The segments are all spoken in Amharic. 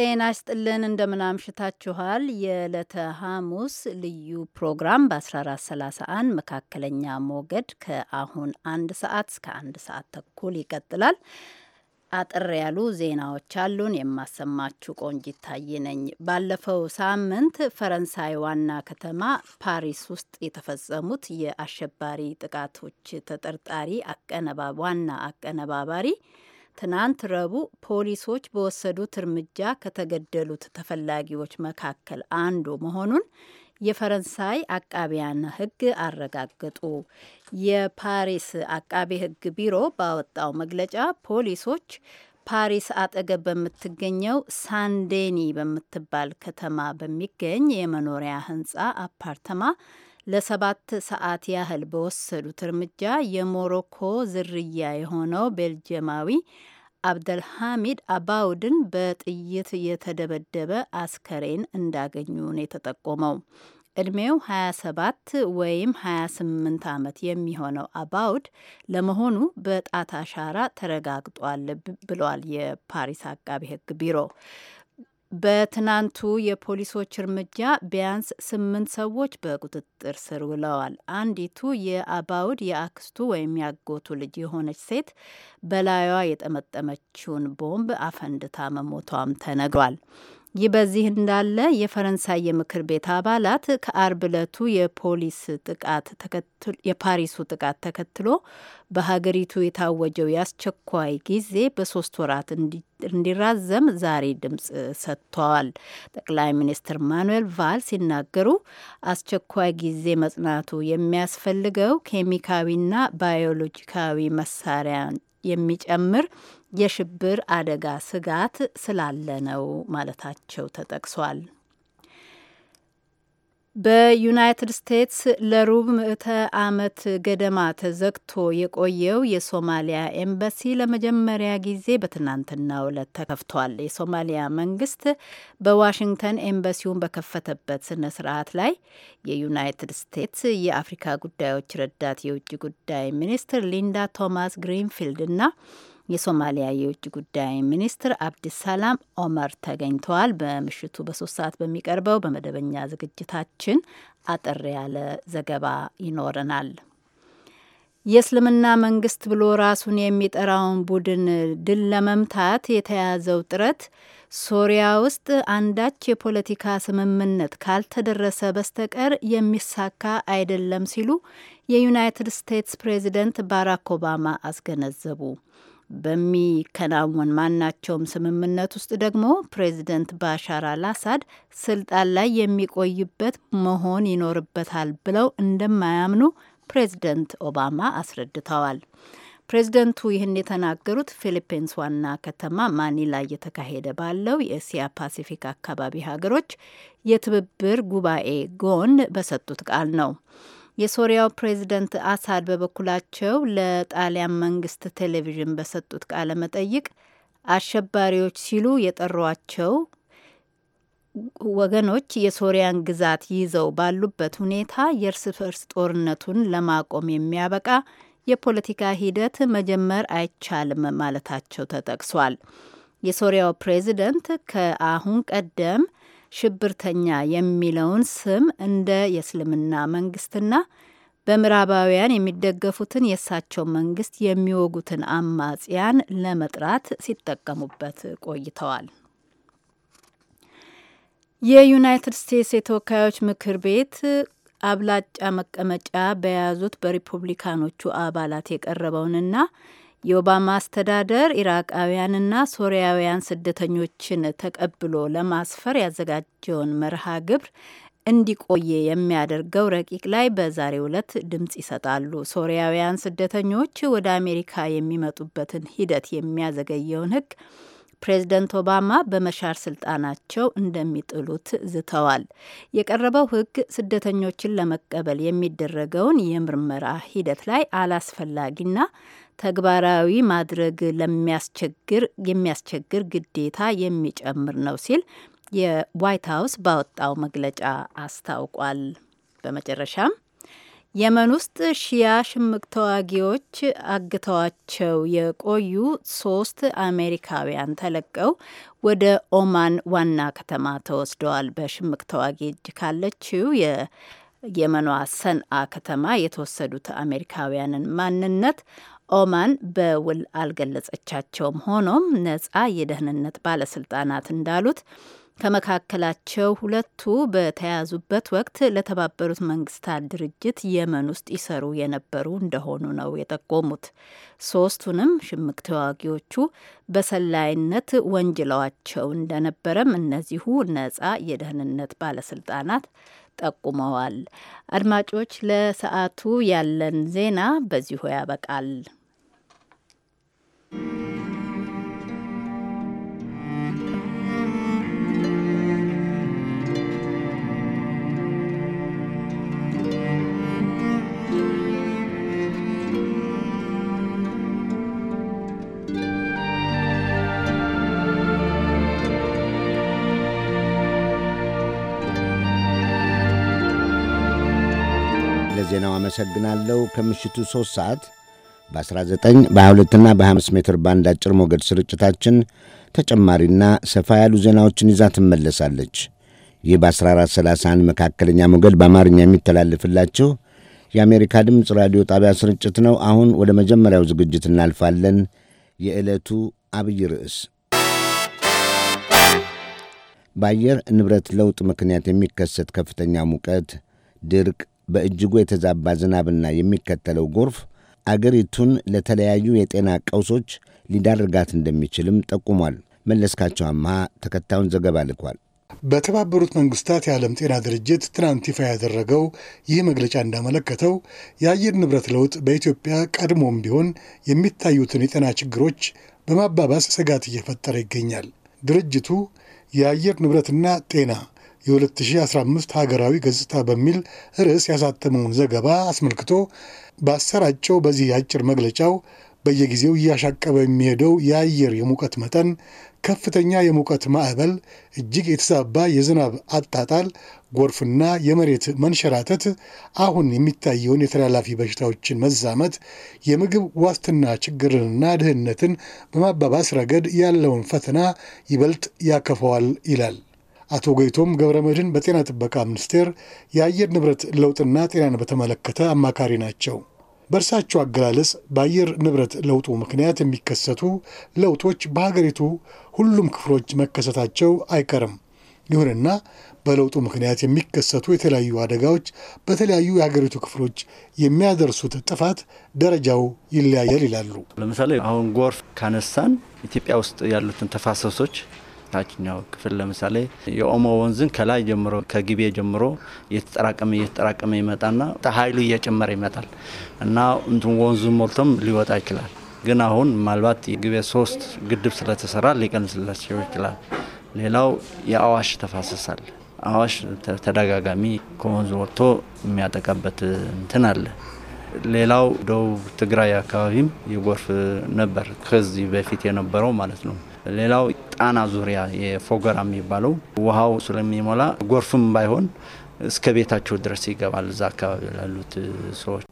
ጤና ይስጥልን እንደምን አምሽታችኋል። የዕለተ ሐሙስ ልዩ ፕሮግራም በ1431 መካከለኛ ሞገድ ከአሁን አንድ ሰዓት እስከ አንድ ሰዓት ተኩል ይቀጥላል። አጠር ያሉ ዜናዎች አሉን። የማሰማችሁ ቆንጂት ታዬ ነኝ። ባለፈው ሳምንት ፈረንሳይ ዋና ከተማ ፓሪስ ውስጥ የተፈጸሙት የአሸባሪ ጥቃቶች ተጠርጣሪ ዋና አቀነባባሪ ትናንት ረቡዕ ፖሊሶች በወሰዱት እርምጃ ከተገደሉት ተፈላጊዎች መካከል አንዱ መሆኑን የፈረንሳይ አቃቢያን ሕግ አረጋገጡ። የፓሪስ አቃቤ ሕግ ቢሮ ባወጣው መግለጫ ፖሊሶች ፓሪስ አጠገብ በምትገኘው ሳንዴኒ በምትባል ከተማ በሚገኝ የመኖሪያ ህንፃ አፓርተማ ለሰባት ሰዓት ያህል በወሰዱት እርምጃ የሞሮኮ ዝርያ የሆነው ቤልጅየማዊ አብደልሐሚድ አባውድን በጥይት የተደበደበ አስከሬን እንዳገኙ ነው የተጠቆመው። እድሜው 27 ወይም 28 ዓመት የሚሆነው አባውድ ለመሆኑ በጣት አሻራ ተረጋግጧል ብሏል የፓሪስ አቃቢ ሕግ ቢሮ። በትናንቱ የፖሊሶች እርምጃ ቢያንስ ስምንት ሰዎች በቁጥጥር ስር ውለዋል። አንዲቱ የአባውድ የአክስቱ ወይም ያጎቱ ልጅ የሆነች ሴት በላዩዋ የጠመጠመችውን ቦምብ አፈንድታ መሞቷም ተነግሯል። ይህ በዚህ እንዳለ የፈረንሳይ የምክር ቤት አባላት ከአርብ ዕለቱ የፖሊስ ጥቃት የፓሪሱ ጥቃት ተከትሎ በሀገሪቱ የታወጀው የአስቸኳይ ጊዜ በሶስት ወራት እንዲራዘም ዛሬ ድምጽ ሰጥተዋል። ጠቅላይ ሚኒስትር ማኑዌል ቫል ሲናገሩ አስቸኳይ ጊዜ መጽናቱ የሚያስፈልገው ኬሚካዊና ባዮሎጂካዊ መሳሪያን የሚጨምር የሽብር አደጋ ስጋት ስላለ ነው ማለታቸው ተጠቅሷል። በዩናይትድ ስቴትስ ለሩብ ምዕተ ዓመት ገደማ ተዘግቶ የቆየው የሶማሊያ ኤምባሲ ለመጀመሪያ ጊዜ በትናንትናው ዕለት ተከፍቷል። የሶማሊያ መንግስት በዋሽንግተን ኤምባሲውን በከፈተበት ስነ ስርዓት ላይ የዩናይትድ ስቴትስ የአፍሪካ ጉዳዮች ረዳት የውጭ ጉዳይ ሚኒስትር ሊንዳ ቶማስ ግሪንፊልድ እና የሶማሊያ የውጭ ጉዳይ ሚኒስትር አብዲሰላም ኦመር ተገኝተዋል። በምሽቱ በሶስት ሰዓት በሚቀርበው በመደበኛ ዝግጅታችን አጠር ያለ ዘገባ ይኖረናል። የእስልምና መንግስት ብሎ ራሱን የሚጠራውን ቡድን ድል ለመምታት የተያዘው ጥረት ሶሪያ ውስጥ አንዳች የፖለቲካ ስምምነት ካልተደረሰ በስተቀር የሚሳካ አይደለም ሲሉ የዩናይትድ ስቴትስ ፕሬዚደንት ባራክ ኦባማ አስገነዘቡ። በሚከናወን ማናቸውም ስምምነት ውስጥ ደግሞ ፕሬዚደንት ባሻር አልአሳድ ስልጣን ላይ የሚቆይበት መሆን ይኖርበታል ብለው እንደማያምኑ ፕሬዚደንት ኦባማ አስረድተዋል። ፕሬዚደንቱ ይህን የተናገሩት ፊሊፒንስ ዋና ከተማ ማኒላ እየተካሄደ ባለው የእስያ ፓሲፊክ አካባቢ ሀገሮች የትብብር ጉባኤ ጎን በሰጡት ቃል ነው። የሶሪያው ፕሬዚደንት አሳድ በበኩላቸው ለጣሊያን መንግስት ቴሌቪዥን በሰጡት ቃለ መጠይቅ አሸባሪዎች ሲሉ የጠሯቸው ወገኖች የሶሪያን ግዛት ይዘው ባሉበት ሁኔታ የእርስ በርስ ጦርነቱን ለማቆም የሚያበቃ የፖለቲካ ሂደት መጀመር አይቻልም ማለታቸው ተጠቅሷል። የሶሪያው ፕሬዚደንት ከአሁን ቀደም ሽብርተኛ የሚለውን ስም እንደ የእስልምና መንግስትና በምዕራባውያን የሚደገፉትን የእሳቸው መንግስት የሚወጉትን አማጽያን ለመጥራት ሲጠቀሙበት ቆይተዋል። የዩናይትድ ስቴትስ የተወካዮች ምክር ቤት አብላጫ መቀመጫ በያዙት በሪፑብሊካኖቹ አባላት የቀረበውንና የኦባማ አስተዳደር ኢራቃውያንና ሶሪያውያን ስደተኞችን ተቀብሎ ለማስፈር ያዘጋጀውን መርሃ ግብር እንዲቆየ የሚያደርገው ረቂቅ ላይ በዛሬ ዕለት ድምጽ ይሰጣሉ። ሶሪያውያን ስደተኞች ወደ አሜሪካ የሚመጡበትን ሂደት የሚያዘገየውን ሕግ ፕሬዝደንት ኦባማ በመሻር ስልጣናቸው እንደሚጥሉት ዝተዋል። የቀረበው ሕግ ስደተኞችን ለመቀበል የሚደረገውን የምርመራ ሂደት ላይ አላስፈላጊና ተግባራዊ ማድረግ ለሚያስቸግር የሚያስቸግር ግዴታ የሚጨምር ነው ሲል የዋይት ሀውስ ባወጣው መግለጫ አስታውቋል። በመጨረሻም የመን ውስጥ ሺያ ሽምቅ ተዋጊዎች አግተዋቸው የቆዩ ሶስት አሜሪካውያን ተለቀው ወደ ኦማን ዋና ከተማ ተወስደዋል። በሽምቅ ተዋጊ እጅ ካለችው የየመኗ ሰንአ ከተማ የተወሰዱት አሜሪካውያንን ማንነት ኦማን በውል አልገለጸቻቸውም። ሆኖም ነፃ የደህንነት ባለስልጣናት እንዳሉት ከመካከላቸው ሁለቱ በተያዙበት ወቅት ለተባበሩት መንግስታት ድርጅት የመን ውስጥ ይሰሩ የነበሩ እንደሆኑ ነው የጠቆሙት። ሶስቱንም ሽምቅ ተዋጊዎቹ በሰላይነት ወንጅለዋቸው እንደነበረም እነዚሁ ነፃ የደህንነት ባለስልጣናት ጠቁመዋል። አድማጮች፣ ለሰዓቱ ያለን ዜና በዚሁ ያበቃል። ዜናው አመሰግናለሁ። ከምሽቱ ሦስት ሰዓት በ19 በ22ና በ25 ሜትር ባንድ አጭር ሞገድ ስርጭታችን ተጨማሪና ሰፋ ያሉ ዜናዎችን ይዛ ትመለሳለች። ይህ በ1431 መካከለኛ ሞገድ በአማርኛ የሚተላልፍላችሁ የአሜሪካ ድምፅ ራዲዮ ጣቢያ ስርጭት ነው። አሁን ወደ መጀመሪያው ዝግጅት እናልፋለን። የዕለቱ አብይ ርዕስ በአየር ንብረት ለውጥ ምክንያት የሚከሰት ከፍተኛ ሙቀት፣ ድርቅ፣ በእጅጉ የተዛባ ዝናብና የሚከተለው ጎርፍ አገሪቱን ለተለያዩ የጤና ቀውሶች ሊዳርጋት እንደሚችልም ጠቁሟል። መለስካቸው አምሃ ተከታዩን ዘገባ ልኳል። በተባበሩት መንግስታት የዓለም ጤና ድርጅት ትናንት ይፋ ያደረገው ይህ መግለጫ እንዳመለከተው የአየር ንብረት ለውጥ በኢትዮጵያ ቀድሞም ቢሆን የሚታዩትን የጤና ችግሮች በማባባስ ስጋት እየፈጠረ ይገኛል። ድርጅቱ የአየር ንብረትና ጤና የ2015 ሀገራዊ ገጽታ በሚል ርዕስ ያሳተመውን ዘገባ አስመልክቶ ባሰራጨው በዚህ አጭር መግለጫው በየጊዜው እያሻቀበ የሚሄደው የአየር የሙቀት መጠን፣ ከፍተኛ የሙቀት ማዕበል፣ እጅግ የተዛባ የዝናብ አጣጣል፣ ጎርፍና የመሬት መንሸራተት አሁን የሚታየውን የተላላፊ በሽታዎችን መዛመት፣ የምግብ ዋስትና ችግርንና ድህነትን በማባባስ ረገድ ያለውን ፈተና ይበልጥ ያከፈዋል ይላል። አቶ ጎይቶም ገብረ መድህን በጤና ጥበቃ ሚኒስቴር የአየር ንብረት ለውጥና ጤናን በተመለከተ አማካሪ ናቸው። በእርሳቸው አገላለጽ በአየር ንብረት ለውጡ ምክንያት የሚከሰቱ ለውጦች በሀገሪቱ ሁሉም ክፍሎች መከሰታቸው አይቀርም። ይሁንና በለውጡ ምክንያት የሚከሰቱ የተለያዩ አደጋዎች በተለያዩ የሀገሪቱ ክፍሎች የሚያደርሱት ጥፋት ደረጃው ይለያያል ይላሉ። ለምሳሌ አሁን ጎርፍ ካነሳን ኢትዮጵያ ውስጥ ያሉትን ተፋሰሶች ታችኛው ክፍል ለምሳሌ የኦሞ ወንዝን ከላይ ጀምሮ ከግቤ ጀምሮ እየተጠራቀመ እየተጠራቀመ ይመጣና ኃይሉ እየጨመረ ይመጣል እና እንትን ወንዙን ሞልቶም ሊወጣ ይችላል። ግን አሁን ምናልባት ግቤ ሶስት ግድብ ስለተሰራ ሊቀንስላቸው ይችላል። ሌላው የአዋሽ ተፋሰሳል አዋሽ ተደጋጋሚ ከወንዝ ወጥቶ የሚያጠቃበት እንትን አለ። ሌላው ደቡብ ትግራይ አካባቢም የጎርፍ ነበር ከዚህ በፊት የነበረው ማለት ነው። ሌላው ጣና ዙሪያ የፎገራ የሚባለው ውሃው ስለሚሞላ ጎርፍም ባይሆን እስከ ቤታቸው ድረስ ይገባል እዛ አካባቢ ላሉት ሰዎች።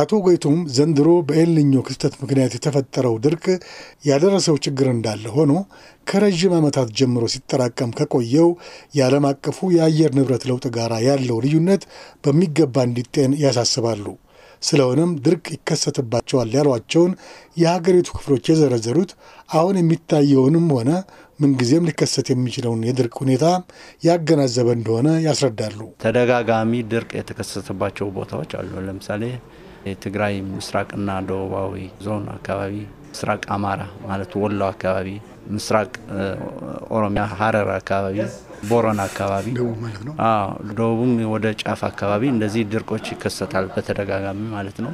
አቶ ጎይቱም ዘንድሮ በኤልኒኞ ክስተት ምክንያት የተፈጠረው ድርቅ ያደረሰው ችግር እንዳለ ሆኖ ከረዥም ዓመታት ጀምሮ ሲጠራቀም ከቆየው የዓለም አቀፉ የአየር ንብረት ለውጥ ጋር ያለው ልዩነት በሚገባ እንዲጤን ያሳስባሉ። ስለሆነም ድርቅ ይከሰትባቸዋል ያሏቸውን የሀገሪቱ ክፍሎች የዘረዘሩት አሁን የሚታየውንም ሆነ ምንጊዜም ሊከሰት የሚችለውን የድርቅ ሁኔታ ያገናዘበ እንደሆነ ያስረዳሉ። ተደጋጋሚ ድርቅ የተከሰተባቸው ቦታዎች አሉ። ለምሳሌ የትግራይ ምስራቅና ደቡባዊ ዞን አካባቢ፣ ምስራቅ አማራ ማለት ወሎ አካባቢ ምስራቅ ኦሮሚያ ሀረር አካባቢ፣ ቦረና አካባቢ፣ ደቡብም ወደ ጫፍ አካባቢ እንደዚህ ድርቆች ይከሰታል በተደጋጋሚ ማለት ነው።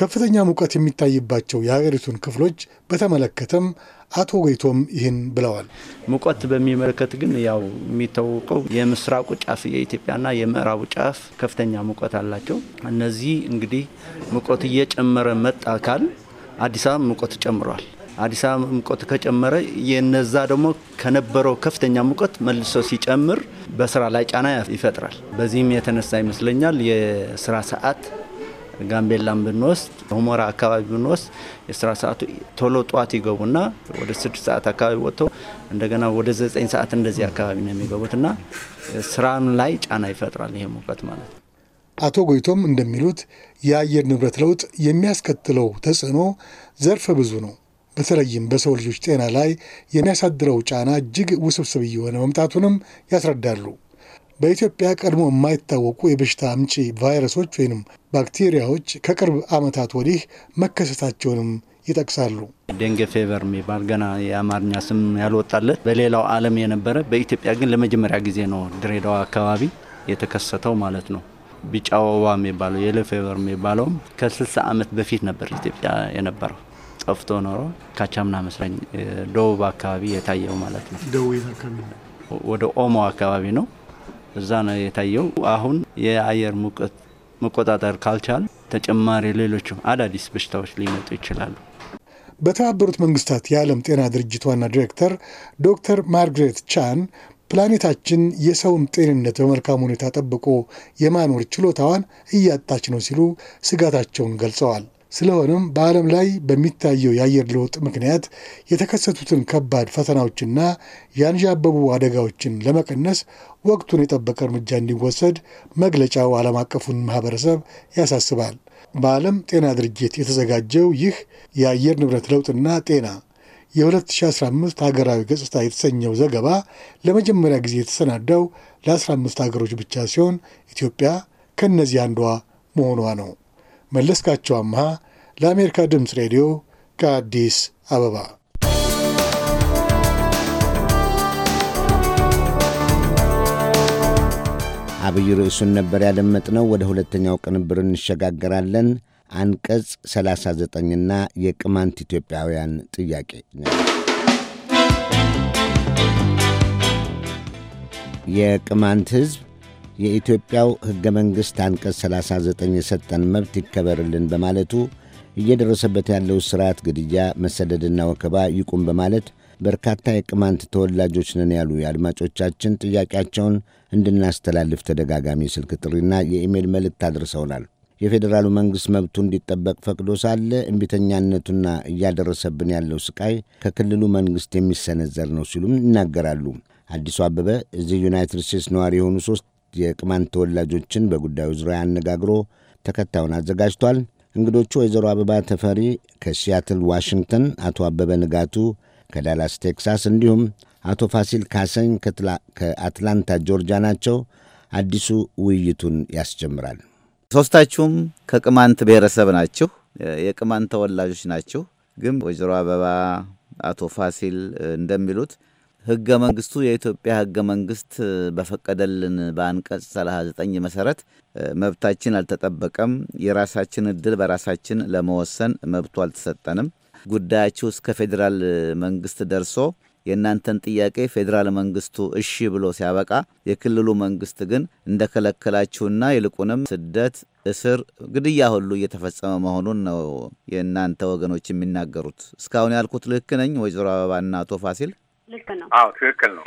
ከፍተኛ ሙቀት የሚታይባቸው የሀገሪቱን ክፍሎች በተመለከተም አቶ ጎይቶም ይህን ብለዋል። ሙቀት በሚመለከት ግን ያው የሚታወቀው የምስራቁ ጫፍ የኢትዮጵያና የምዕራቡ ጫፍ ከፍተኛ ሙቀት አላቸው። እነዚህ እንግዲህ ሙቀት እየጨመረ መጣ ካል አዲስ አበባ ሙቀት ጨምሯል። አዲስ አበባ ሙቀት ከጨመረ የነዛ ደግሞ ከነበረው ከፍተኛ ሙቀት መልሶ ሲጨምር በስራ ላይ ጫና ይፈጥራል። በዚህም የተነሳ ይመስለኛል የስራ ሰዓት ጋምቤላን ብንወስድ ሁመራ አካባቢ ብንወስድ የስራ ሰዓቱ ቶሎ ጠዋት ይገቡና ወደ ስድስት ሰዓት አካባቢ ወጥተው እንደገና ወደ ዘጠኝ ሰዓት እንደዚህ አካባቢ ነው የሚገቡትና ስራን ላይ ጫና ይፈጥራል ይሄ ሙቀት ማለት ነው። አቶ ጎይቶም እንደሚሉት የአየር ንብረት ለውጥ የሚያስከትለው ተጽዕኖ ዘርፈ ብዙ ነው። በተለይም በሰው ልጆች ጤና ላይ የሚያሳድረው ጫና እጅግ ውስብስብ እየሆነ መምጣቱንም ያስረዳሉ። በኢትዮጵያ ቀድሞ የማይታወቁ የበሽታ አምጪ ቫይረሶች ወይም ባክቴሪያዎች ከቅርብ ዓመታት ወዲህ መከሰታቸውንም ይጠቅሳሉ። ደንገ ፌቨር የሚባል ገና የአማርኛ ስም ያልወጣለት በሌላው ዓለም የነበረ በኢትዮጵያ ግን ለመጀመሪያ ጊዜ ነው ድሬዳዋ አካባቢ የተከሰተው ማለት ነው። ቢጫ ወባ የሚባለው የሌ ፌቨር የሚባለውም ከ60 ዓመት በፊት ነበር ኢትዮጵያ የነበረው። ጠፍቶ ኖሮ ካቻምና መስለኝ ደቡብ አካባቢ የታየው ማለት ነው። ወደ ኦሞ አካባቢ ነው፣ እዛ ነው የታየው። አሁን የአየር ሙቀት መቆጣጠር ካልቻል ተጨማሪ ሌሎችም አዳዲስ በሽታዎች ሊመጡ ይችላሉ። በተባበሩት መንግስታት የዓለም ጤና ድርጅት ዋና ዲሬክተር ዶክተር ማርግሬት ቻን ፕላኔታችን የሰውን ጤንነት በመልካም ሁኔታ ጠብቆ የማኖር ችሎታዋን እያጣች ነው ሲሉ ስጋታቸውን ገልጸዋል። ስለሆነም በዓለም ላይ በሚታየው የአየር ለውጥ ምክንያት የተከሰቱትን ከባድ ፈተናዎችና ያንዣበቡ አደጋዎችን ለመቀነስ ወቅቱን የጠበቀ እርምጃ እንዲወሰድ መግለጫው ዓለም አቀፉን ማህበረሰብ ያሳስባል። በዓለም ጤና ድርጅት የተዘጋጀው ይህ የአየር ንብረት ለውጥና ጤና የ2015 ሀገራዊ ገጽታ የተሰኘው ዘገባ ለመጀመሪያ ጊዜ የተሰናዳው ለ15 ሀገሮች ብቻ ሲሆን ኢትዮጵያ ከእነዚህ አንዷ መሆኗ ነው። መለስካቸው አምሃ ለአሜሪካ ድምፅ ሬዲዮ ከአዲስ አበባ አብይ ርዕሱን ነበር ያደመጥነው። ወደ ሁለተኛው ቅንብር እንሸጋገራለን። አንቀጽ 39ና የቅማንት ኢትዮጵያውያን ጥያቄ የቅማንት ሕዝብ የኢትዮጵያው ሕገ መንግሥት አንቀጽ 39 የሰጠን መብት ይከበርልን በማለቱ እየደረሰበት ያለው ሥርዓት ግድያ፣ መሰደድና ወከባ ይቁም በማለት በርካታ የቅማንት ተወላጆች ነን ያሉ የአድማጮቻችን ጥያቄያቸውን እንድናስተላልፍ ተደጋጋሚ ስልክ ጥሪና የኢሜል መልእክት አድርሰውናል። የፌዴራሉ መንግሥት መብቱ እንዲጠበቅ ፈቅዶ ሳለ እምቢተኛነቱና እያደረሰብን ያለው ስቃይ ከክልሉ መንግሥት የሚሰነዘር ነው ሲሉም ይናገራሉ። አዲሱ አበበ እዚህ ዩናይትድ ስቴትስ ነዋሪ የሆኑ ሦስት የቅማንት ተወላጆችን በጉዳዩ ዙሪያ አነጋግሮ ተከታዩን አዘጋጅቷል። እንግዶቹ ወይዘሮ አበባ ተፈሪ ከሲያትል ዋሽንግተን፣ አቶ አበበ ንጋቱ ከዳላስ ቴክሳስ፣ እንዲሁም አቶ ፋሲል ካሰኝ ከአትላንታ ጆርጂያ ናቸው። አዲሱ ውይይቱን ያስጀምራል። ሶስታችሁም ከቅማንት ብሔረሰብ ናችሁ፣ የቅማንት ተወላጆች ናችሁ። ግን ወይዘሮ አበባ አቶ ፋሲል እንደሚሉት ህገ መንግስቱ የኢትዮጵያ ህገ መንግስት በፈቀደልን በአንቀጽ 39 መሰረት መብታችን አልተጠበቀም፣ የራሳችን እድል በራሳችን ለመወሰን መብቱ አልተሰጠንም፣ ጉዳያችሁ እስከ ፌዴራል መንግስት ደርሶ የእናንተን ጥያቄ ፌዴራል መንግስቱ እሺ ብሎ ሲያበቃ የክልሉ መንግስት ግን እንደከለከላችሁና ይልቁንም ስደት፣ እስር፣ ግድያ ሁሉ እየተፈጸመ መሆኑን ነው የእናንተ ወገኖች የሚናገሩት። እስካሁን ያልኩት ልክ ነኝ? ወይዘሮ አበባና አቶ ፋሲል ልክ ነው። አዎ ትክክል ነው።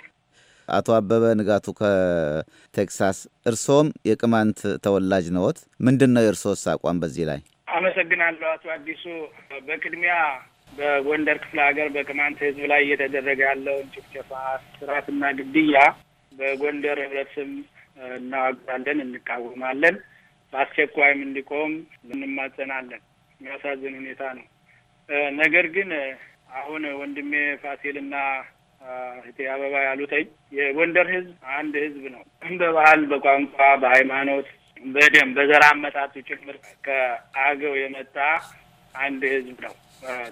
አቶ አበበ ንጋቱ ከቴክሳስ፣ እርስዎም የቅማንት ተወላጅ ነዎት። ምንድን ነው የእርስዎስ አቋም በዚህ ላይ? አመሰግናለሁ አቶ አዲሱ። በቅድሚያ በጎንደር ክፍለ ሀገር በቅማንት ህዝብ ላይ እየተደረገ ያለውን ጭፍጨፋ፣ ስርዓትና ግድያ በጎንደር ህብረተሰብ እናዋግራለን፣ እንቃወማለን። በአስቸኳይም እንዲቆም እንማጸናለን። የሚያሳዝን ሁኔታ ነው። ነገር ግን አሁን ወንድሜ ፋሲልና እቴ አበባ ያሉተኝ የጎንደር ህዝብ አንድ ህዝብ ነው። በባህል፣ በቋንቋ፣ በሃይማኖት፣ በደም በዘር አመጣቱ ጭምር ከአገው የመጣ አንድ ህዝብ ነው።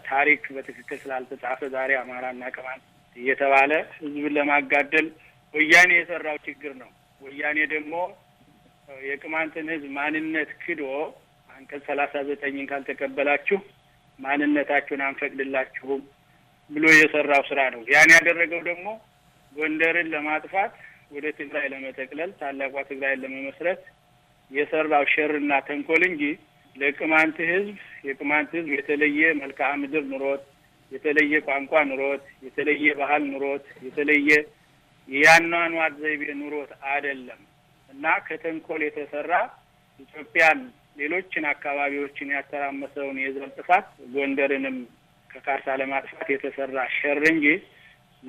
ታሪክ በትክክል ስላልተጻፈ ዛሬ አማራና ቅማን እየተባለ ህዝብን ለማጋደል ወያኔ የሰራው ችግር ነው። ወያኔ ደግሞ የቅማንትን ህዝብ ማንነት ክዶ አንቀጽ ሰላሳ ዘጠኝን ካልተቀበላችሁ ማንነታችሁን አንፈቅድላችሁም ብሎ የሰራው ስራ ነው። ያን ያደረገው ደግሞ ጎንደርን ለማጥፋት ወደ ትግራይ ለመጠቅለል ታላቋ ትግራይን ለመመስረት የሰራው ሸርና ተንኮል እንጂ ለቅማንት ህዝብ የቅማንት ህዝብ የተለየ መልክዓ ምድር ኑሮት፣ የተለየ ቋንቋ ኑሮት፣ የተለየ ባህል ኑሮት፣ የተለየ የአኗኗር ዘይቤ ኑሮት አይደለም እና ከተንኮል የተሰራ ኢትዮጵያን ሌሎችን አካባቢዎችን ያተራመሰውን የዘር ጥፋት ጎንደርንም ከካርታ ለማጥፋት የተሰራ ሸር እንጂ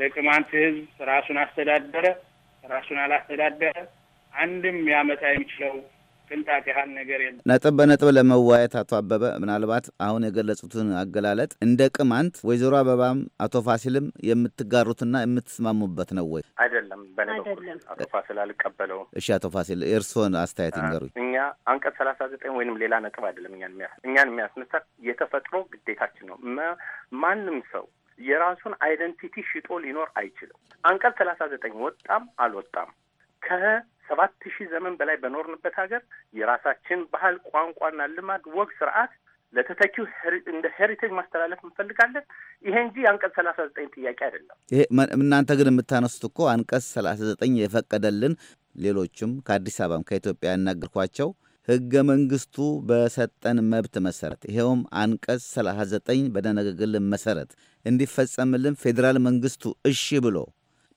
ለቅማንት ህዝብ ራሱን አስተዳደረ ራሱን አላስተዳደረ አንድም ያመጣ የሚችለው ቅንጣት ያህል ነገር የለም። ነጥብ በነጥብ ለመወያየት አቶ አበበ ምናልባት አሁን የገለጹትን አገላለጥ እንደ ቅማንት ወይዘሮ አበባም አቶ ፋሲልም የምትጋሩትና የምትስማሙበት ነው ወይ? አይደለም። በኔ በኩል አቶ ፋሲል አልቀበለውም። እሺ፣ አቶ ፋሲል የእርስዎን አስተያየት ይንገሩኝ። እኛ አንቀጽ ሰላሳ ዘጠኝ ወይንም ሌላ ነጥብ አይደለም እኛን የሚያ እኛን የሚያስነሳት የተፈጥሮ ግዴታችን ነው። ማንም ሰው የራሱን አይደንቲቲ ሽጦ ሊኖር አይችልም። አንቀጽ ሰላሳ ዘጠኝ ወጣም አልወጣም ከ ሰባት ሺህ ዘመን በላይ በኖርንበት ሀገር የራሳችን ባህል፣ ቋንቋና ልማድ፣ ወግ፣ ስርዓት ለተተኪው እንደ ሄሪቴጅ ማስተላለፍ እንፈልጋለን። ይሄ እንጂ አንቀጽ ሰላሳ ዘጠኝ ጥያቄ አይደለም። ይሄ እናንተ ግን የምታነሱት እኮ አንቀጽ ሰላሳ ዘጠኝ የፈቀደልን ሌሎችም ከአዲስ አበባም ከኢትዮጵያ ያናገርኳቸው ህገ መንግስቱ በሰጠን መብት መሰረት ይኸውም አንቀጽ 39 በደነገግልን መሰረት እንዲፈጸምልን ፌዴራል መንግስቱ እሺ ብሎ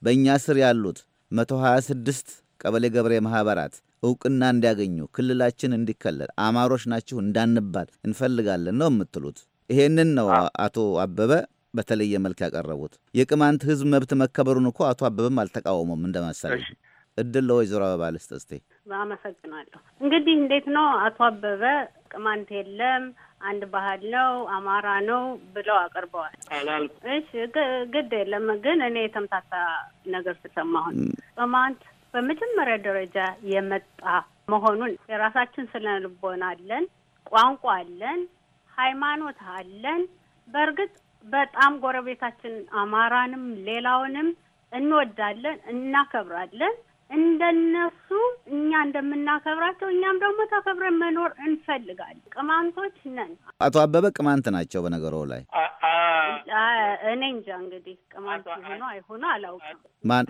በእኛ ስር ያሉት 126 ቀበሌ ገብሬ ማህበራት እውቅና እንዲያገኙ ክልላችን እንዲከለል አማሮች ናችሁ እንዳንባል እንፈልጋለን ነው የምትሉት? ይሄንን ነው አቶ አበበ በተለየ መልክ ያቀረቡት። የቅማንት ህዝብ መብት መከበሩን እኮ አቶ አበበም አልተቃወሙም እንደመሰለኝ። እድል ለወይዘሮ አበባ ልስጥ እስቲ። አመሰግናለሁ። እንግዲህ እንዴት ነው አቶ አበበ ቅማንት የለም አንድ ባህል ነው አማራ ነው ብለው አቅርበዋል። እሺ ግድ የለም ግን እኔ የተምታታ ነገር ስሰማሁን ቅማንት በመጀመሪያ ደረጃ የመጣ መሆኑን የራሳችን ስነ ልቦና አለን፣ ቋንቋ አለን፣ ሃይማኖት አለን። በእርግጥ በጣም ጎረቤታችን አማራንም ሌላውንም እንወዳለን፣ እናከብራለን። እንደነሱ እኛ እንደምናከብራቸው እኛም ደግሞ ተከብረን መኖር እንፈልጋለን። ቅማንቶች ነን። አቶ አበበ ቅማንት ናቸው። በነገሮ ላይ እኔ እንጃ እንግዲህ ቅማንት ሆኖ አይሆኑ አላውቅም።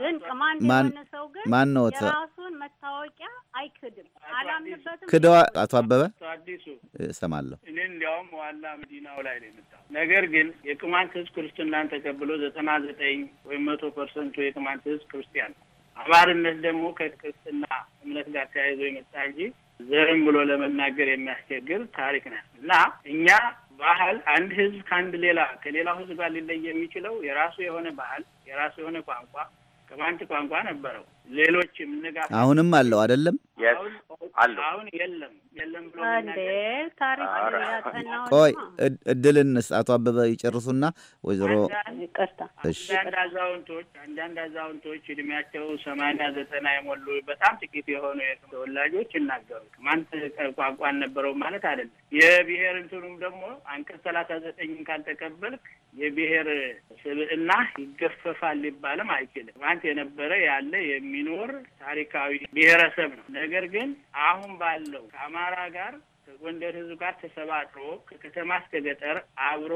ግን ቅማንት የሆነ ሰው ግን ማን ነው የራሱን መታወቂያ አይክድም። አላምንበትም። ክደዋ አቶ አበበ አዲሱ እሰማለሁ። እኔ እንዲያውም ዋላ መዲናው ላይ ነው የመጣው። ነገር ግን የቅማንት ህዝብ ክርስትናን ተቀብሎ ዘጠና ዘጠኝ ወይም መቶ ፐርሰንቱ የቅማንት ህዝብ ክርስቲያን ነው አባልነት ደግሞ ከክርስትና እምነት ጋር ተያይዞ የመጣ እንጂ ዘርም ብሎ ለመናገር የሚያስቸግር ታሪክ ነው እና እኛ ባህል አንድ ህዝብ ከአንድ ሌላ ከሌላው ህዝብ ጋር ሊለይ የሚችለው የራሱ የሆነ ባህል፣ የራሱ የሆነ ቋንቋ ከባንት ቋንቋ ነበረው ሌሎች የምንጋ አሁንም አለው አይደለም አለው። አሁን የለም የለም ብሎ ታሪክ ቆይ እድል እንስጥ አቶ አበበ ይጨርሱና ወይዘሮ አንዳንድ አዛውንቶች አንዳንድ አዛውንቶች እድሜያቸው ሰማንያ ዘጠና የሞሉ በጣም ጥቂት የሆኑ ተወላጆች ይናገሩ። ማንት ቋንቋ ነበረው ማለት አይደለም። የብሔር እንትኑም ደግሞ አንቀጽ ሰላሳ ዘጠኝን ካልተቀበልክ የብሔር ስብዕና ይገፈፋል ሊባልም አይችልም። ማንት የነበረ ያለ የሚ የሚኖር ታሪካዊ ብሔረሰብ ነው። ነገር ግን አሁን ባለው ከአማራ ጋር ከጎንደር ህዝብ ጋር ተሰባጥሮ ከከተማ እስከ ገጠር አብሮ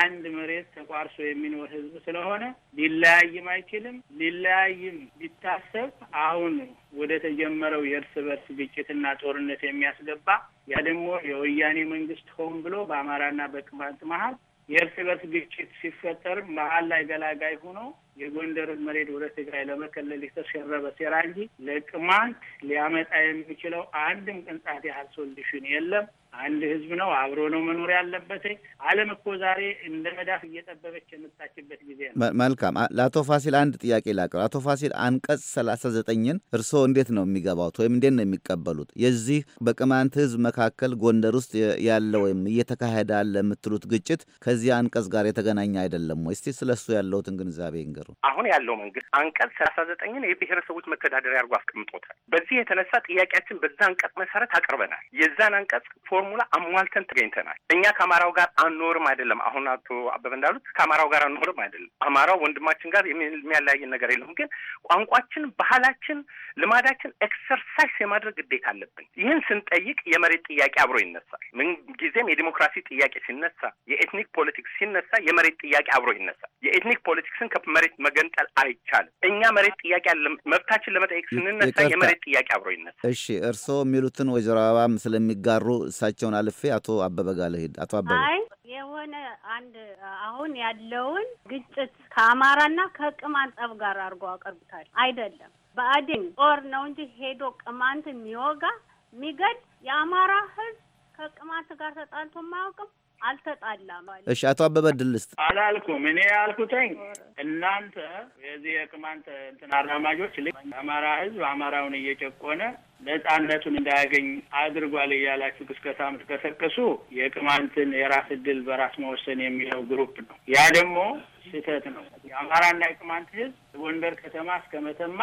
አንድ መሬት ተቋርሶ የሚኖር ህዝብ ስለሆነ ሊለያይም አይችልም። ሊለያይም ቢታሰብ አሁን ወደ ተጀመረው የእርስ በርስ ግጭትና ጦርነት የሚያስገባ ያ ደግሞ የወያኔ መንግስት ሆን ብሎ በአማራና በቅማንት መሀል የእርስ በርስ ግጭት ሲፈጠር መሀል ላይ ገላጋይ ሆኖ የጎንደርን መሬት ወደ ትግራይ ለመከለል የተሸረበ ሴራ እንጂ ለቅማንት ሊያመጣ የሚችለው አንድም ቅንጣት ያህል ሶሉሽን የለም። አንድ ህዝብ ነው። አብሮ ነው መኖር ያለበት። ዓለም እኮ ዛሬ እንደ መዳፍ እየጠበበች የምታችበት ጊዜ ነው። መልካም። ለአቶ ፋሲል አንድ ጥያቄ ላቀር። አቶ ፋሲል አንቀጽ ሰላሳ ዘጠኝን እርስዎ እንዴት ነው የሚገባውት ወይም እንዴት ነው የሚቀበሉት? የዚህ በቅማንት ህዝብ መካከል ጎንደር ውስጥ ያለ ወይም እየተካሄደ አለ የምትሉት ግጭት ከዚህ አንቀጽ ጋር የተገናኘ አይደለም ወይ? እስቲ ስለ እሱ ያለውትን ግንዛቤ ይንገሩ። አሁን ያለው መንግስት አንቀጽ ሰላሳ ዘጠኝን የብሔረሰቦች መተዳደሪያ አድርጎ አስቀምጦታል። በዚህ የተነሳ ጥያቄያችን በዛ አንቀጽ መሰረት አቅርበናል። የዛን አንቀጽ ፎር ፎርሙላ አሟልተን ተገኝተናል። እኛ ከአማራው ጋር አንኖርም አይደለም። አሁን አቶ አበበ እንዳሉት ከአማራው ጋር አንኖርም አይደለም። አማራው ወንድማችን ጋር የሚያለያየን ነገር የለም። ግን ቋንቋችን፣ ባህላችን፣ ልማዳችን ኤክሰርሳይዝ የማድረግ ግዴታ አለብን። ይህን ስንጠይቅ የመሬት ጥያቄ አብሮ ይነሳል። ምንጊዜም የዲሞክራሲ ጥያቄ ሲነሳ፣ የኤትኒክ ፖለቲክስ ሲነሳ የመሬት ጥያቄ አብሮ ይነሳል። የኤትኒክ ፖለቲክስን ከመሬት መገንጠል አይቻልም። እኛ መሬት ጥያቄ መብታችን ለመጠየቅ ስንነሳ የመሬት ጥያቄ አብሮ ይነሳል። እሺ እርስዎ የሚሉትን ወይዘሮ አበባም ስለሚጋሩ እሳ እሳቸውን አልፌ አቶ አበበ ጋር ልሂድ። አቶ አበበ የሆነ አንድ አሁን ያለውን ግጭት ከአማራና ከቅማንት ጠብ ጋር አድርጎ አቀርቡታል። አይደለም በአዴን ጦር ነው እንጂ ሄዶ ቅማንት የሚወጋ የሚገድ የአማራ ህዝብ ከቅማንት ጋር ተጣልቶ ማያውቅም። አልተጣላም። እሺ፣ አቶ አበበ ድልስት አላልኩም። እኔ ያልኩትኝ እናንተ የዚህ የቅማንት እንትን አራማጆች ል አማራ ህዝብ አማራውን እየጨቆነ ነጻነቱን እንዳያገኝ አድርጓል እያላችሁ ቅስቀሳ የምትቀሰቅሱ የቅማንትን የራስ እድል በራስ መወሰን የሚለው ግሩፕ ነው። ያ ደግሞ ስህተት ነው። የአማራና የቅማንት ህዝብ ጎንደር ከተማ እስከ መተማ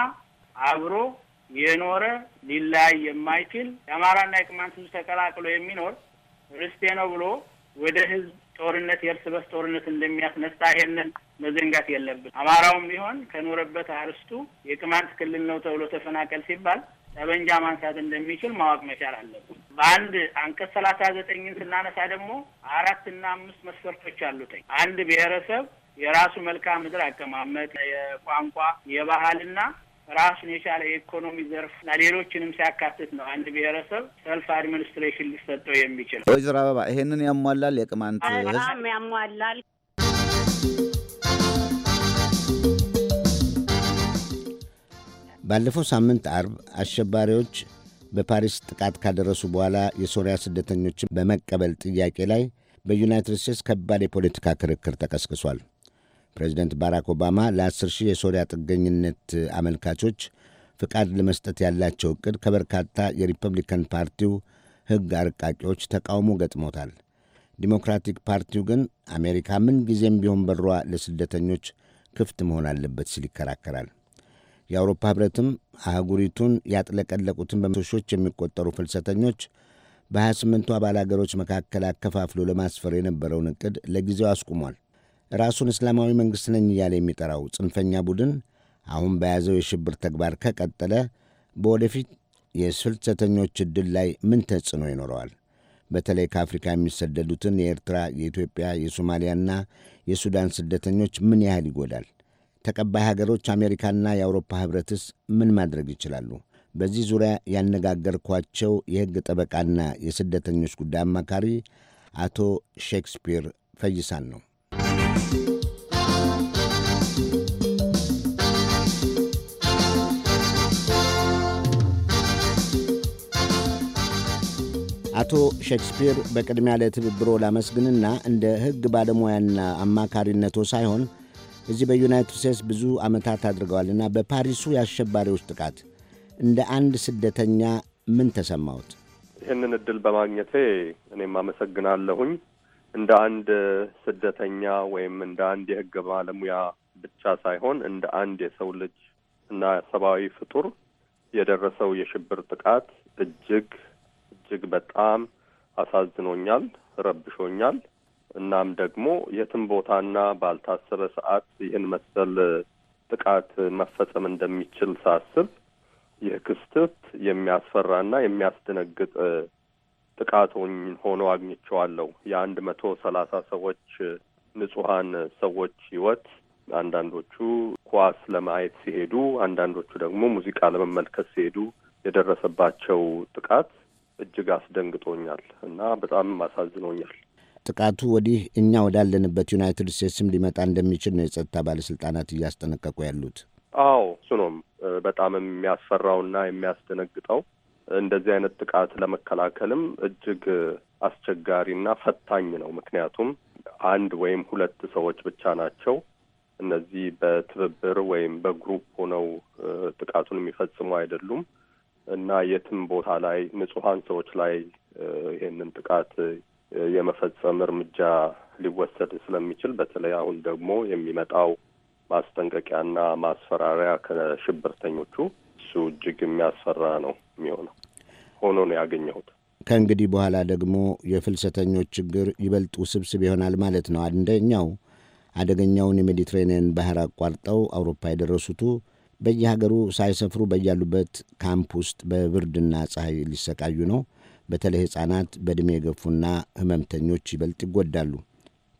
አብሮ የኖረ ሊላይ የማይችል የአማራና የቅማንት ህዝብ ተቀላቅሎ የሚኖር ርስቴ ነው ብሎ ወደ ህዝብ ጦርነት የእርስ በርስ ጦርነት እንደሚያስነሳ ይሄንን መዘንጋት የለብን። አማራውም ቢሆን ከኖረበት አርስቱ የቅማንት ክልል ነው ተብሎ ተፈናቀል ሲባል ጠበንጃ ማንሳት እንደሚችል ማወቅ መቻል አለብን። በአንድ አንቀጽ ሰላሳ ዘጠኝን ስናነሳ ደግሞ አራት እና አምስት መስፈርቶች አሉተኝ አንድ ብሔረሰብ የራሱ መልክዓ ምድር አቀማመጥ፣ የቋንቋ፣ የባህልና ራሱን የቻለ የኢኮኖሚ ዘርፍ እና ሌሎችንም ሲያካትት ነው አንድ ብሔረሰብ ሰልፍ አድሚኒስትሬሽን ሊሰጠው የሚችል። ወይዘሮ አበባ ይሄንን ያሟላል። የቅማንት ህዝብ ያሟላል። ባለፈው ሳምንት አርብ አሸባሪዎች በፓሪስ ጥቃት ካደረሱ በኋላ የሶሪያ ስደተኞችን በመቀበል ጥያቄ ላይ በዩናይትድ ስቴትስ ከባድ የፖለቲካ ክርክር ተቀስቅሷል። ፕሬዚደንት ባራክ ኦባማ ለ10 ሺህ የሶሪያ ጥገኝነት አመልካቾች ፍቃድ ለመስጠት ያላቸው እቅድ ከበርካታ የሪፐብሊካን ፓርቲው ሕግ አርቃቂዎች ተቃውሞ ገጥሞታል። ዲሞክራቲክ ፓርቲው ግን አሜሪካ ምን ጊዜም ቢሆን በሯ ለስደተኞች ክፍት መሆን አለበት ሲል ይከራከራል። የአውሮፓ ኅብረትም አህጉሪቱን ያጥለቀለቁትን በመቶ ሺዎች የሚቆጠሩ ፍልሰተኞች በ28ቱ አባል አገሮች መካከል አከፋፍሎ ለማስፈር የነበረውን እቅድ ለጊዜው አስቁሟል። ራሱን እስላማዊ መንግሥት ነኝ እያለ የሚጠራው ጽንፈኛ ቡድን አሁን በያዘው የሽብር ተግባር ከቀጠለ በወደፊት የፍልሰተኞች ዕድል ላይ ምን ተጽዕኖ ይኖረዋል? በተለይ ከአፍሪካ የሚሰደዱትን የኤርትራ፣ የኢትዮጵያ፣ የሶማሊያና የሱዳን ስደተኞች ምን ያህል ይጎዳል? ተቀባይ ሀገሮች አሜሪካና የአውሮፓ ኅብረትስ ምን ማድረግ ይችላሉ? በዚህ ዙሪያ ያነጋገርኳቸው የሕግ ጠበቃና የስደተኞች ጉዳይ አማካሪ አቶ ሼክስፒር ፈይሳን ነው። አቶ ሼክስፒር በቅድሚያ ለትብብሮ ላመስግንና እንደ ሕግ ባለሙያና አማካሪነቶ ሳይሆን እዚህ በዩናይትድ ስቴትስ ብዙ ዓመታት አድርገዋልና በፓሪሱ የአሸባሪዎች ጥቃት እንደ አንድ ስደተኛ ምን ተሰማሁት? ይህንን እድል በማግኘቴ እኔም አመሰግናለሁኝ። እንደ አንድ ስደተኛ ወይም እንደ አንድ የህግ ባለሙያ ብቻ ሳይሆን እንደ አንድ የሰው ልጅ እና ሰብአዊ ፍጡር የደረሰው የሽብር ጥቃት እጅግ እጅግ በጣም አሳዝኖኛል፣ ረብሾኛል። እናም ደግሞ የትም ቦታና ባልታሰበ ሰዓት ይህን መሰል ጥቃት መፈጸም እንደሚችል ሳስብ ይህ ክስተት የሚያስፈራና የሚያስደነግጥ ጥቃቶኝ ሆኖ አግኝቼዋለሁ። የአንድ መቶ ሰላሳ ሰዎች ንጹሐን ሰዎች ህይወት አንዳንዶቹ ኳስ ለማየት ሲሄዱ፣ አንዳንዶቹ ደግሞ ሙዚቃ ለመመልከት ሲሄዱ የደረሰባቸው ጥቃት እጅግ አስደንግጦኛል እና በጣም አሳዝኖኛል። ጥቃቱ ወዲህ እኛ ወዳለንበት ዩናይትድ ስቴትስም ሊመጣ እንደሚችል ነው የጸጥታ ባለስልጣናት እያስጠነቀቁ ያሉት። አዎ ስኖም በጣም የሚያስፈራውና የሚያስደነግጠው እንደዚህ አይነት ጥቃት ለመከላከልም እጅግ አስቸጋሪና ፈታኝ ነው። ምክንያቱም አንድ ወይም ሁለት ሰዎች ብቻ ናቸው እነዚህ በትብብር ወይም በግሩፕ ሆነው ጥቃቱን የሚፈጽሙ አይደሉም። እና የትም ቦታ ላይ ንጹሀን ሰዎች ላይ ይህንን ጥቃት የመፈጸም እርምጃ ሊወሰድ ስለሚችል በተለይ አሁን ደግሞ የሚመጣው ማስጠንቀቂያና ማስፈራሪያ ከሽብርተኞቹ እሱ እጅግ የሚያስፈራ ነው የሚሆነው። ሆኖ ነው ያገኘሁት። ከእንግዲህ በኋላ ደግሞ የፍልሰተኞች ችግር ይበልጥ ውስብስብ ይሆናል ማለት ነው። አንደኛው አደገኛውን የሜዲትሬኒያን ባህር አቋርጠው አውሮፓ የደረሱቱ በየሀገሩ ሳይሰፍሩ በያሉበት ካምፕ ውስጥ በብርድና ፀሐይ ሊሰቃዩ ነው። በተለይ ሕፃናት፣ በዕድሜ የገፉና ህመምተኞች ይበልጥ ይጎዳሉ።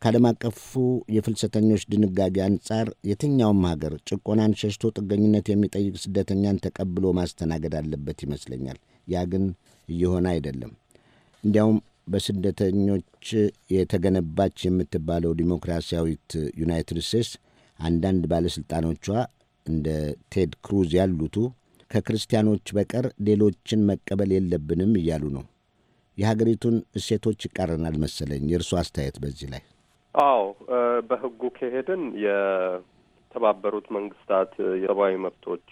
ከዓለም አቀፉ የፍልሰተኞች ድንጋጌ አንጻር የትኛውም ሀገር ጭቆናን ሸሽቶ ጥገኝነት የሚጠይቅ ስደተኛን ተቀብሎ ማስተናገድ አለበት ይመስለኛል። ያ ግን እየሆነ አይደለም። እንዲያውም በስደተኞች የተገነባች የምትባለው ዲሞክራሲያዊት ዩናይትድ ስቴትስ አንዳንድ ባለሥልጣኖቿ እንደ ቴድ ክሩዝ ያሉቱ ከክርስቲያኖች በቀር ሌሎችን መቀበል የለብንም እያሉ ነው። የሀገሪቱን እሴቶች ይቃረናል መሰለኝ። የእርሱ አስተያየት በዚህ ላይ? አዎ በህጉ ከሄድን የተባበሩት መንግስታት የሰብአዊ መብቶች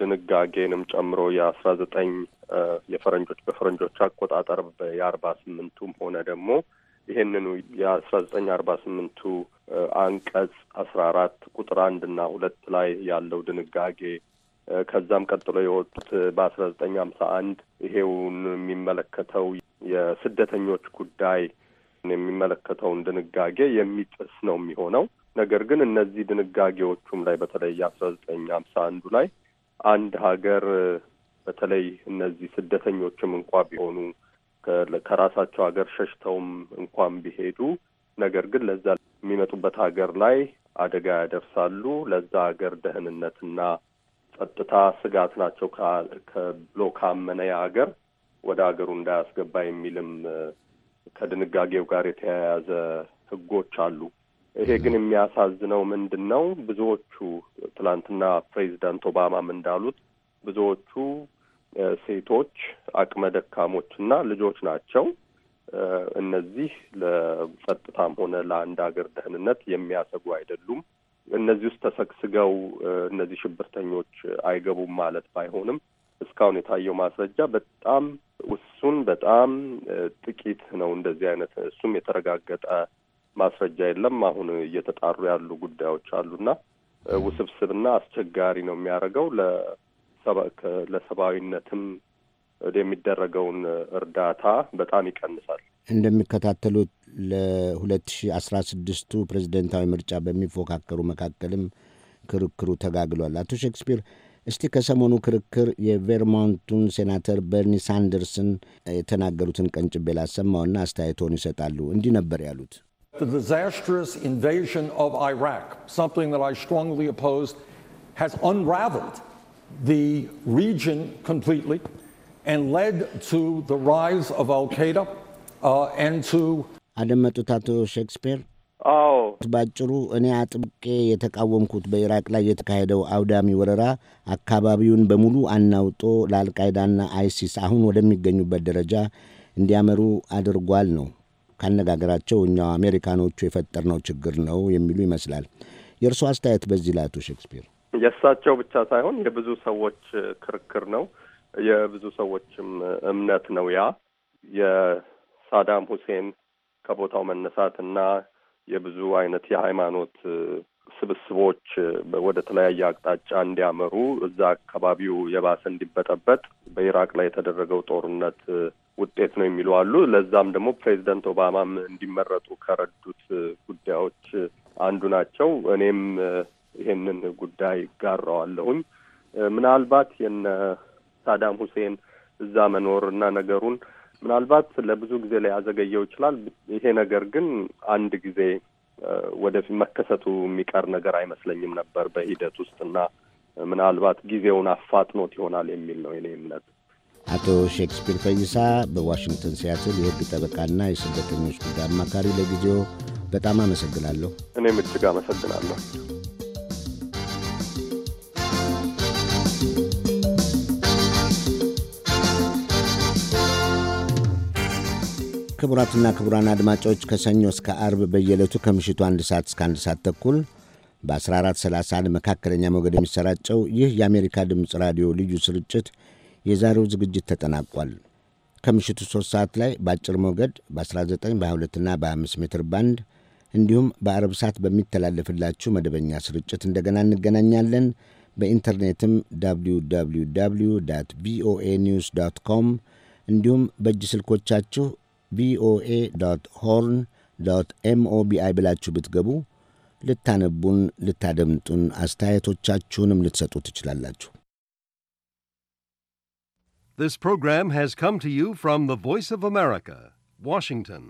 ድንጋጌንም ጨምሮ የአስራ ዘጠኝ የፈረንጆች በፈረንጆች አቆጣጠር የአርባ ስምንቱም ሆነ ደግሞ ይሄንኑ የአስራ ዘጠኝ አርባ ስምንቱ አንቀጽ አስራ አራት ቁጥር አንድ እና ሁለት ላይ ያለው ድንጋጌ ከዛም ቀጥሎ የወጡት በአስራ ዘጠኝ ሀምሳ አንድ ይሄውን የሚመለከተው የስደተኞች ጉዳይ የሚመለከተውን ድንጋጌ የሚጥስ ነው የሚሆነው። ነገር ግን እነዚህ ድንጋጌዎቹም ላይ በተለይ የአስራ ዘጠኝ ሀምሳ አንዱ ላይ አንድ ሀገር በተለይ እነዚህ ስደተኞችም እንኳ ቢሆኑ ከራሳቸው ሀገር ሸሽተውም እንኳን ቢሄዱ ነገር ግን ለዛ የሚመጡበት ሀገር ላይ አደጋ ያደርሳሉ። ለዛ ሀገር ደህንነትና ጸጥታ ስጋት ናቸው ብሎ ካመነ ያ ሀገር ወደ ሀገሩ እንዳያስገባ የሚልም ከድንጋጌው ጋር የተያያዘ ህጎች አሉ። ይሄ ግን የሚያሳዝነው ምንድን ነው? ብዙዎቹ ትላንትና ፕሬዚዳንት ኦባማም እንዳሉት ብዙዎቹ ሴቶች፣ አቅመ ደካሞች እና ልጆች ናቸው። እነዚህ ለጸጥታም ሆነ ለአንድ ሀገር ደህንነት የሚያሰጉ አይደሉም። እነዚህ ውስጥ ተሰግስገው እነዚህ ሽብርተኞች አይገቡም ማለት ባይሆንም እስካሁን የታየው ማስረጃ በጣም ውሱን፣ በጣም ጥቂት ነው። እንደዚህ አይነት እሱም የተረጋገጠ ማስረጃ የለም። አሁን እየተጣሩ ያሉ ጉዳዮች አሉና ውስብስብና አስቸጋሪ ነው የሚያደርገው ለሰብአዊነትም የሚደረገውን እርዳታ በጣም ይቀንሳል። እንደሚከታተሉት ለሁለት ሺ አስራ ስድስቱ ፕሬዚደንታዊ ምርጫ በሚፎካከሩ መካከልም ክርክሩ ተጋግሏል። አቶ ሼክስፒር እስቲ ከሰሞኑ ክርክር የቬርሞንቱን ሴናተር በርኒ ሳንደርስን የተናገሩትን ቀንጭቤ ላሰማውና አስተያየቶን ይሰጣሉ። እንዲህ ነበር ያሉት። The and led to the rise of Al Qaeda uh, and to አደመጡት አቶ ሼክስፒር። አዎ በአጭሩ እኔ አጥብቄ የተቃወምኩት በኢራቅ ላይ የተካሄደው አውዳሚ ወረራ አካባቢውን በሙሉ አናውጦ ለአልቃይዳና አይሲስ አሁን ወደሚገኙበት ደረጃ እንዲያመሩ አድርጓል ነው ካነጋገራቸው እኛው አሜሪካኖቹ የፈጠርነው ችግር ነው የሚሉ ይመስላል። የእርስዎ አስተያየት በዚህ ላይ አቶ ሼክስፒር? የእሳቸው ብቻ ሳይሆን የብዙ ሰዎች ክርክር ነው። የብዙ ሰዎችም እምነት ነው። ያ የሳዳም ሁሴን ከቦታው መነሳት እና የብዙ አይነት የሃይማኖት ስብስቦች ወደ ተለያየ አቅጣጫ እንዲያመሩ እዛ አካባቢው የባሰ እንዲበጠበጥ በኢራቅ ላይ የተደረገው ጦርነት ውጤት ነው የሚሉ አሉ። ለዛም ደግሞ ፕሬዚደንት ኦባማም እንዲመረጡ ከረዱት ጉዳዮች አንዱ ናቸው። እኔም ይሄንን ጉዳይ ጋራዋለሁኝ። ምናልባት የነ ሳዳም ሁሴን እዛ መኖር እና ነገሩን ምናልባት ለብዙ ጊዜ ሊያዘገየው ይችላል። ይሄ ነገር ግን አንድ ጊዜ ወደፊት መከሰቱ የሚቀር ነገር አይመስለኝም ነበር በሂደት ውስጥ እና ምናልባት ጊዜውን አፋጥኖት ይሆናል የሚል ነው የኔ እምነት። አቶ ሼክስፒር ፈይሳ በዋሽንግተን ሲያትል የህግ ጠበቃና የስደተኞች ጉዳይ አማካሪ፣ ለጊዜው በጣም አመሰግናለሁ። እኔም እጅግ አመሰግናለሁ። ክቡራትና ክቡራን አድማጮች ከሰኞ እስከ አርብ በየዕለቱ ከምሽቱ አንድ ሰዓት እስከ አንድ ሰዓት ተኩል በ1431 መካከለኛ ሞገድ የሚሰራጨው ይህ የአሜሪካ ድምፅ ራዲዮ ልዩ ስርጭት የዛሬው ዝግጅት ተጠናቋል። ከምሽቱ 3 ሰዓት ላይ በአጭር ሞገድ በ19 በ22ና በ25 ሜትር ባንድ እንዲሁም በአረብ ሰዓት በሚተላለፍላችሁ መደበኛ ስርጭት እንደገና እንገናኛለን። በኢንተርኔትም www ቪኦኤ ኒውስ ዶት ኮም እንዲሁም በእጅ ስልኮቻችሁ ቪኦኤ ዶት ሆርን ዶት ኤምኦቢአይ ብላችሁ ብትገቡ ልታነቡን፣ ልታደምጡን፣ አስተያየቶቻችሁንም ልትሰጡ ትችላላችሁ። This program has come to you from the Voice of America, Washington.